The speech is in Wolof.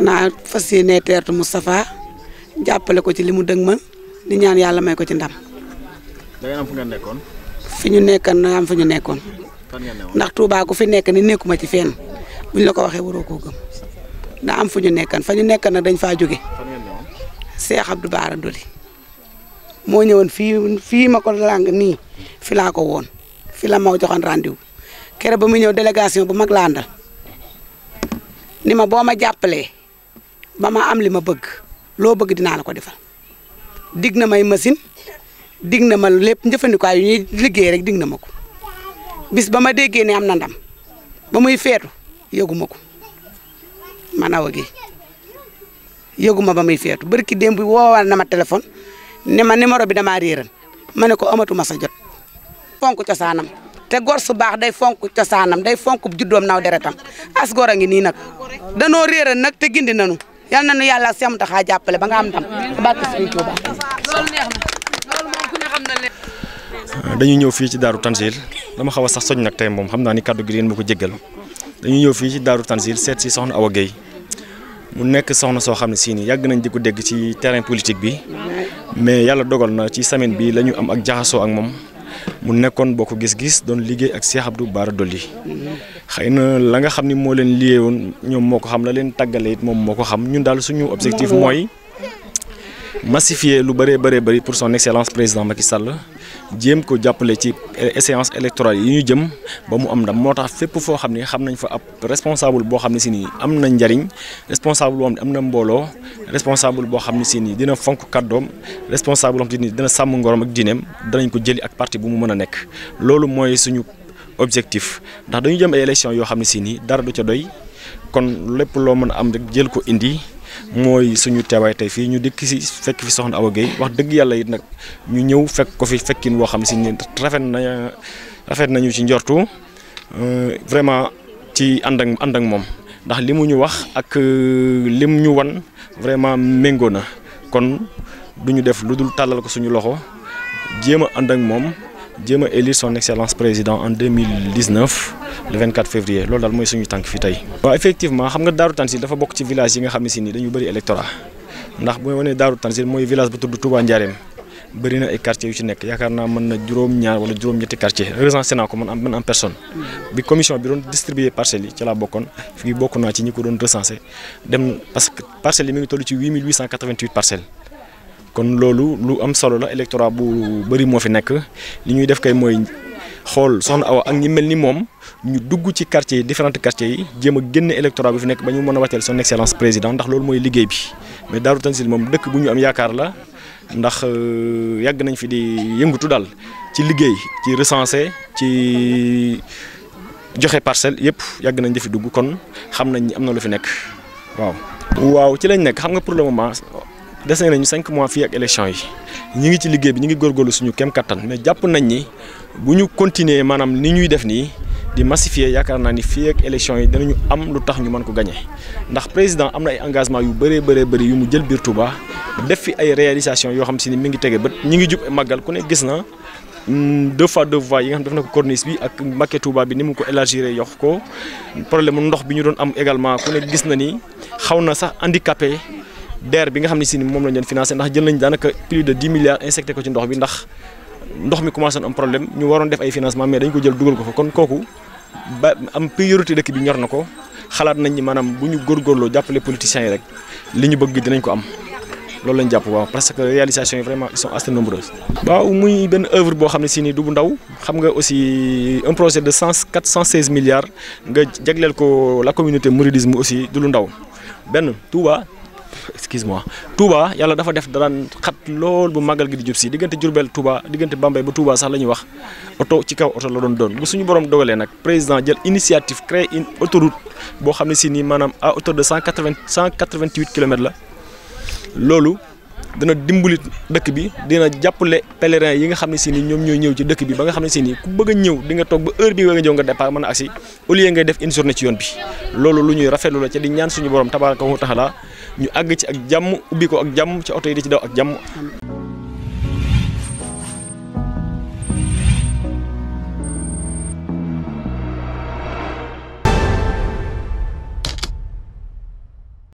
xana fasiyene yéenee teertu jappale ko ci limu deug ma di ñaan yalla may ko ci ndam. da ngeen am fu nga nekkon fi ñu na am fu ñu nekkoon. ndax Touba ko fi nekk ni nekkuma ci fenn buñ la ko waxe waroo ko gëm daa am fu ñu nekkoon fa ñu nekkoon nag dañ fa jóge Cheikh Abdou Bara doli mo ñewon fi fi ma ko làng nii fi la ko won fi la ma joxon rendez-vous kéré ba mu ñew délégation bu mag laa àndal ni ma boo ma ba ma am li ma bëgg loo bëgg dinaa la ko defal dig na may machine dig na ma lépp njëfandikuwaay yu ñuy liggéey rek dig na ma ko bis ba ma déggee ne am na ndam ba muy feetu yëguma ko man Awa Gueye yëguma ba muy feetu barki démb bi woowal na ma téléphone ne ma numéro bi damaa réeran ma ne ko amatuma sa jot fonk cosaanam te gor su baax day fonk cosaanam day fonk juddoom naw deretam as gor a ngi nii nag danoo réeran nag te gindi nanu yal na nu yàlla ak Seex Muntaxa jàppale ba nga am ndam barke Sëriñ Tuuba ah, dañu ñëw fii ci daaru Tanzil dama xaw a sax soñ nag tey moom xam naa ni kàddu gi leen ma ko jéggal dañu ñëw fii ci daaru Tanzil seet si soxna Awa Guèye mu nekk soxna soo xam ne sii yàgg nañ di ko dégg ci terrain politique bi mais yàlla dogal na ci semaine bi la am ak jaxasoo ak moom mu nekkoon ko gis-gis doon liggéey ak Cheikh Abdou Bara Dolly xëy na la nga xam ni moo leen lié woon ñoom moo ko xam la leen tàggale it moom moo ko xam ñun daal suñu objectif mooy massifier lu bëree bëree bëri pour son excellence président Macky Sall jéem ko jàppale ci échéance électorale yi ñu jëm ba mu am ndam moo tax fépp foo xam ne xam nañ fa ab responsable boo xam ne si nii am na njariñ responsable boo xam ne am na mbooloo responsable boo xam ne si nii dina fonk kàddoom responsable boo xam ne si nii dina sàmm ngorom ak diineem danañ ko jëli ak parti bu mu mën a nekk loolu mooy suñu objectif ndax dañu jëm ay élection yoo xam ne si nii dara du ca doy kon lépp loo mën a am rek jël ko indi mooy suñu teewaay tey fii ñu dëkk si fekk fi soxna Awa Guèye wax dëgg yàlla it nag ñu ñëw fekk ko fi fekkin woo xam ne si nii rafet na rafet nañu ci njortu euh, vraiment ci ànd ak ànd ak moom. ndax li mu ñu wax ak euh, lim ñu wan vraiment méngoo na kon du ñu def lu dul tàllal ko suñu loxo jéem a ànd ak moom jéem a élire son excellence président en 2019 le 24 février loolu daal mooy suñu tànk fi tey. waaw effectivement xam nga Daaru Tansil dafa bokk ci village yi nga xam ne si nii dañu bëri électorat ndax bu ma nee Daaru Tansil mooy village bu tudd Touba Ndiarème bari na ay quartiers yu ci nekk yaakaar naa mën na juróom-ñaar wala juróom-ñetti quartier recensé naa ko man am personne hmm. bi commission bi doon distribuer parcelles yi ci laa bokkoon fii bokk naa ci ñi ko doon recensé dem parce que parcelles yi mi ngi toll ci 8 kon loolu lu am solo la électorat bu bëri moo fi nekk li ñuy def kay mooy xool soxna Awa ak ñi mel ni moom ñu dugg ci quartier yi différents yi jéem a génn électorat bi fi nekk ba ñu mën a wateel son excellence président ndax loolu mooy liggéey bi mais Darou bu ñu am yaakaar la ndax euh, yàgg nañ fi di yëngutu daal ci liggéey ci recensé ci joxe parcelle yëpp yàgg nañ di dugg kon xam nañ am na lu fi nekk waaw. waaw ci lañ nekk xam nga pour le moment dese nañu cinq mois fii ak élection yi ñu ngi ci liggéey bi ñu ngi góorgóorlu suñu kem kattan mais jàpp nañ ni bu ñu continuer maanaam ni ñuy def nii. di massifier yaakaar naa ni fii ak élection yi danañu am lu tax ñu mën ko gagné ndax président am na ay engagement yu bëree bëree bëri yu mu jël biir Touba def fi ay réalisation yoo xam si ni mi ngi tege ba ñu ngi jub màggal ku ne gis na mm, deux fois deux voies yi nga def na ko bi ak Mbacké Touba bi ni mu ko élargir yokk ko problème ndox bi ñu doon am également ku ne gis na ni xaw na sax handicapé DER bi nga xam ne si ni moom lañ leen financé ndax jël nañ daanaka plus de dix milliards injecté ko ci ndox bi ndax. ndox mi commencé am problème ñu waroon def ay financement mais dañ ko jël dugal ko fa kon kooku ba am priorité dëkk bi ñor na ko xalaat nañ ni maanaam bu ñu góorgóorloo jàppale politiciens yi rek li ñu bëgg dinañ ko am loolu lañ jàpp waaw parce que réalisation yi vraiment ils sont assez nombreuses. waaw muy benn œuvre boo xam ne si ni du bu ndaw xam nga aussi un projet de cent quatre cent seize milliards nga jagleel ko la communauté mouridisme aussi du lu ndaw benn Touba. excuse-moi Touba yalla dafa def daraan xat lol bu magal gi di jupsi si jurbel Touba diggante bambay bu Touba sax lañu wax auto ci kaw auto la doon doon bu suñu borom dogalé nak président jël initiative créer une autoroute bo xamné ne si nii maanaam à hauteur de 180 188 km la lolou dina dimbali dëkk bi dina jàppale pèlerin yi nga xamné ne si ni ñom ñoy ñëw ci dëkk bi ba nga xamné si ni ku bëgg ñëw di nga tok ba heure bi nga ñëw nga départ mëna a au lieu nga def une journée ci yoon bi lolou luñuy rafetlu la ci di ñaan suñu borom tabaraka wa taala ñu àgg ci ak jàmm ubbikoo ak jàmm ci oto yi di ci daw ak jàmm